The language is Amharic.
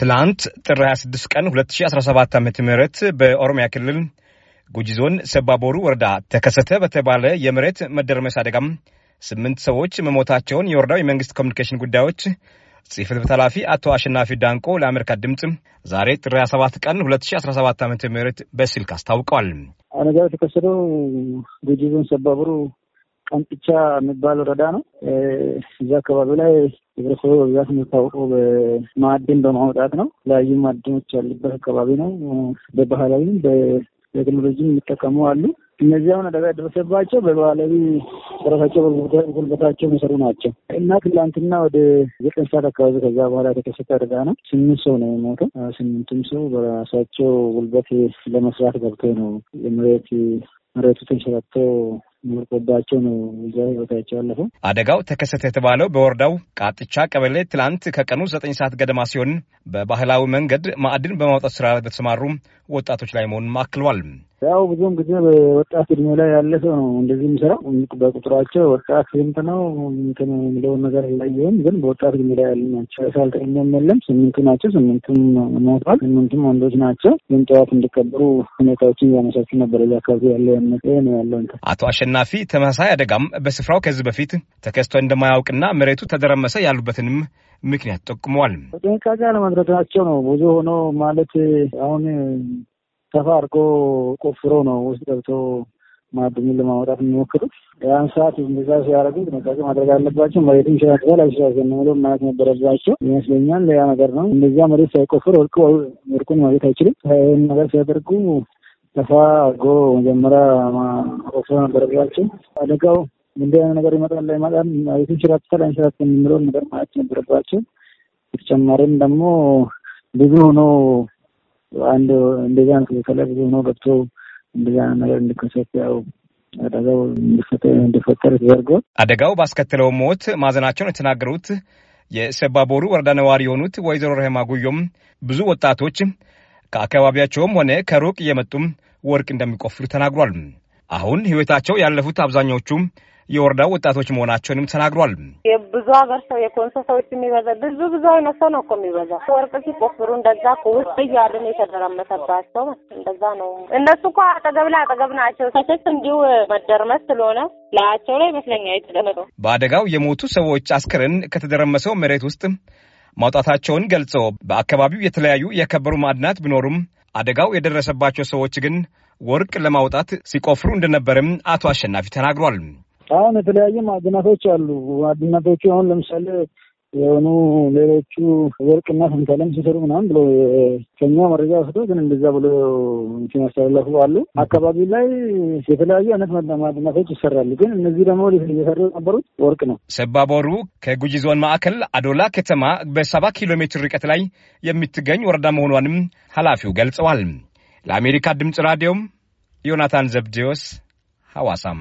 ትላንት ጥር 26 ቀን 2017 ዓ ም በኦሮሚያ ክልል ጉጂ ዞን ሰባቦሩ ወረዳ ተከሰተ በተባለ የመሬት መደርመስ አደጋም ስምንት ሰዎች መሞታቸውን የወረዳው የመንግስት ኮሚኒኬሽን ጉዳዮች ጽፈት ቤት ኃላፊ አቶ አሸናፊ ዳንቆ ለአሜሪካ ድምፅ ዛሬ ጥር 27 ቀን 2017 ዓ ም በስልክ አስታውቀዋል። አነጋው የተከሰተው ጉጂ ዞን ሰባቦሩ ቀንጥቻ የሚባል ወረዳ ነው። እዚ አካባቢ ላይ ህብረተሰቡ በብዛት የሚታወቀው በማዕድን በማውጣት ነው። የተለያዩ ማዕድኖች ያሉበት አካባቢ ነው። በባህላዊም በቴክኖሎጂም የሚጠቀሙ አሉ። እነዚህ አሁን አደጋ የደረሰባቸው በባህላዊ በራሳቸው በጉልበታቸው የሚሰሩ ናቸው እና ትላንትና ወደ ዘጠኝ ሰዓት አካባቢ ከዛ በኋላ የተከሰተ አደጋ ነው። ስምንት ሰው ነው የሞተው። ስምንቱም ሰው በራሳቸው ጉልበት ለመስራት ገብቶ ነው የመሬት መሬቱ ተንሸራቶ ምርቆባቸው ነው እዛ ህይወታቸው ያለፈው። አደጋው ተከሰተ የተባለው በወረዳው ቃጥቻ ቀበሌ ትላንት ከቀኑ ዘጠኝ ሰዓት ገደማ ሲሆን በባህላዊ መንገድ ማዕድን በማውጣት ስራ በተሰማሩ ወጣቶች ላይ መሆኑን አክሏል። ያው ብዙም ጊዜ በወጣት እድሜ ላይ ያለ ሰው ነው እንደዚህ የሚሰራው። በቁጥሯቸው ወጣት ስምንት ነው እንትን የሚለውን ነገር ላየውም፣ ግን በወጣት እድሜ ላይ ያለ ናቸው። ሳልጠኛም የለም ስምንቱ ናቸው። ስምንቱም ሞቷል። ስምንቱም ወንዶች ናቸው። ግን ጠዋት እንዲቀበሩ ሁኔታዎችን እያመቻቹ ነበር። እዚ አካባቢ ያለው ያነቀ ነው ያለው። አቶ አሸናፊ ተመሳሳይ አደጋም በስፍራው ከዚህ በፊት ተከስቶ እንደማያውቅና መሬቱ ተደረመሰ ያሉበትንም ምክንያት ጠቁመዋል። ጥንቃቄ አለማድረጋቸው ነው ብዙ ሆኖ ማለት አሁን ሰፋ አድርጎ ቆፍሮ ነው ውስጥ ገብቶ ማዕድኑን ለማውጣት የሚሞክሩት። ያን ሰዓት እንደዛ ሲያደርጉ ጥንቃቄ ማድረግ አለባቸው። መሬት ይሸጋገራል አይሸጋገርም የሚለው ማለት ነበረባቸው ይመስለኛል። ያ ነገር ነው። እንደዚያ መሬት ሳይቆፍር ወርቁን ማግኘት አይችልም። ይህን ነገር ሲያደርጉ ሰፋ አድርጎ መጀመሪያ ቆፍሮ ነበረባቸው። አደጋው እንዲህ አይነት ነገር ይመጣል ላይመጣል፣ መሬቱ ይንሸራተታል አይንሸራተትም የሚለውን ነገር ማለት ነበረባቸው። በተጨማሪም ደግሞ ብዙ ሆኖ አንድ እንደዛ ብዙ ሆኖ ገብቶ እንደዛ ነገር እንድከሰት ያው አደጋው እንዲፈጠር ተደርጎ አደጋው ባስከተለው ሞት ማዘናቸውን የተናገሩት የሰባቦሩ ወረዳ ነዋሪ የሆኑት ወይዘሮ ረህማ ጉዮም ብዙ ወጣቶች ከአካባቢያቸውም ሆነ ከሩቅ እየመጡም ወርቅ እንደሚቆፍሩ ተናግሯል። አሁን ህይወታቸው ያለፉት አብዛኛዎቹ የወረዳ ወጣቶች መሆናቸውንም ተናግሯል። የብዙ ሀገር ሰው የኮንሶ ሰዎች የሚበዛ ብዙ ብዙ አይነት ሰው ነው እኮ የሚበዛ ወርቅ ሲቆፍሩ እንደዛ ውስጥ እያሉ ነው የተደረመሰባቸው እንደዛ ነው። እነሱ እኮ አጠገብ ላይ አጠገብ ናቸው። ከስስ እንዲሁ መደርመስ ስለሆነ ላያቸው ላይ ይመስለኛል የተደረገው። በአደጋው የሞቱ ሰዎች አስክሬን ከተደረመሰው መሬት ውስጥ ማውጣታቸውን ገልጸው በአካባቢው የተለያዩ የከበሩ ማዕድናት ቢኖሩም አደጋው የደረሰባቸው ሰዎች ግን ወርቅ ለማውጣት ሲቆፍሩ እንደነበርም አቶ አሸናፊ ተናግሯል። አሁን የተለያየ ማዕድናቶች አሉ። ማዕድናቶቹ አሁን ለምሳሌ የሆኑ ሌሎቹ ወርቅና ስንተለም ሲሰሩ ምናምን ብሎ ከኛ መረጃ ወስዶ ግን እንደዛ ብሎ እንትን አሉ። አካባቢ ላይ የተለያዩ አይነት ማዕድናቶች ይሰራሉ። ግን እነዚህ ደግሞ እየሰሩ የነበሩት ወርቅ ነው። ሰባቦሩ ከጉጂ ዞን ማዕከል አዶላ ከተማ በሰባ ኪሎ ሜትር ርቀት ላይ የምትገኝ ወረዳ መሆኗንም ኃላፊው ገልጸዋል። ለአሜሪካ ድምፅ ራዲዮም ዮናታን ዘብዴዎስ ሐዋሳም